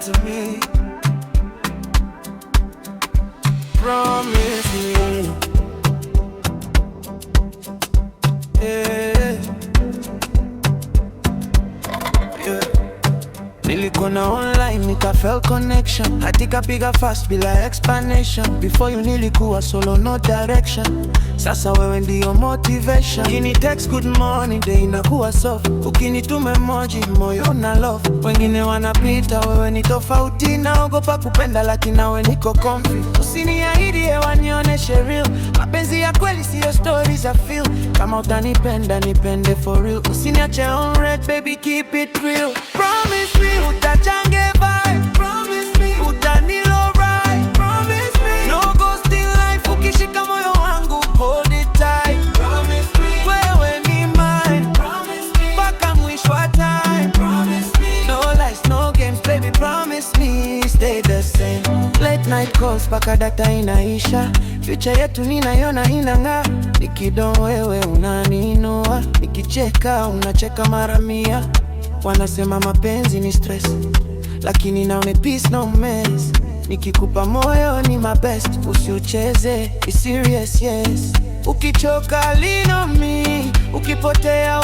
to me. Promise me. Yeah. Yeah. Nilikuwa naona nika feel connection, hati kapiga fast bila explanation. Before you nilikuwa solo no direction, sasa wewe ndio motivation. kini text good morning day inakuwa soft, ukinituma emoji moyo na love. Wengine wanapita, wewe ni tofauti, naogopa kupenda lakini nawe niko comfy. Usiniahidi hewa, nionyeshe real, mapenzi ya kweli siyo story za feel. Kama utanipenda nipende for real, usiniache on red baby, keep it real, promise me uta Night calls paka data inaisha. Future yetu ninaiona inang'a nikidown wewe unaninua nikicheka unacheka mara mia. Wanasema mapenzi ni stress, lakini naone peace no mess. Nikikupa moyo ni my best, usiucheze, serious yes. Ukichoka lino mi, ukipotea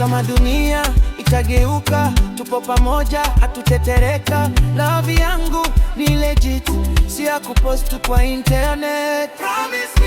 kama dunia itageuka, tupo pamoja, hatutetereka. Love yangu ni legit, si ya kupost kwa internet. Promise.